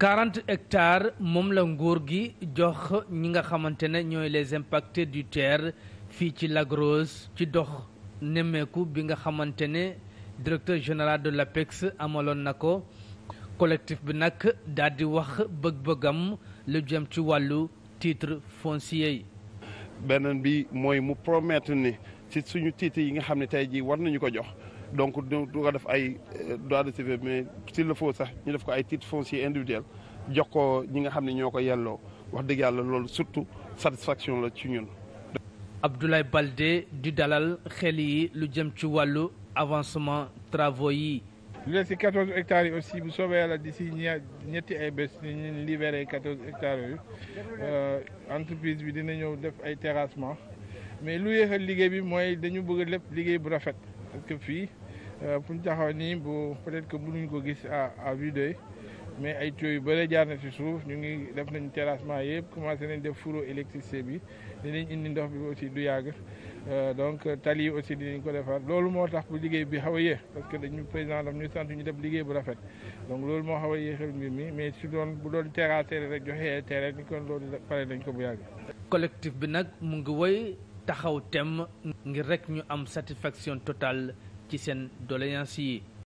40 hectares moom la nguur gi jox ñi nga xamante ne ñooy les impactés du TER fii ci lagros ci dox nemmeeku bi nga xamante ne directeur général de l'APEX amaloon na ko collectif bi nag daal di wax bëgg-bëggam lu jëm ci wàllu titre foncier yi. beneen bi mooy mu promettre ni ci suñu titre yi nga xam ne tey jii war nañu ko jox. donc du ko def ay euh, droit de suivi mais s'il le faut sax ñu def ko ay titre foncier individuel jox ko ñi nga xam ne ñoo ko yàlloo wax dëgg yàlla loolu surtout satisfaction la ci ñun. Abdoulaye Baldé di dalal xel yi lu jëm ci wàllu avancement travaux yi. lu des si quatorze yi aussi bu soobee yàlla di si ñetti ay bés ñu libéré quatorze hectares euh, entreprise bi dina ñëw def ay terrassement mais lu yéexal liggéey bi mooy dañu bëgg lépp liggéey bu rafet. parce que fii euh, fu ñu taxaw nii bu peut-être que mënuñ ko gis à à vue d'œil mais ay tuyaux yu bëre jaar na ci suuf ñu ngi def nañ terrassement yëpp commencé nañ def fourreau électricité bi dinañ indi ndox bi aussi du yàgg euh, donc tali yi aussi dinañ ko defar loolu moo tax bu liggéey bi xaw a yéex parce que dañu président daf ñu sant ñu def liggéey bu rafet donc loolu moo xaw a yéexal mbir mi mais si doon bu doon terrassé rek joxe terrain ni kon loolu pare nañ ko bu yàgg. taxaw temm ngir rek ñu am satisfaction totale ci seen doléance yi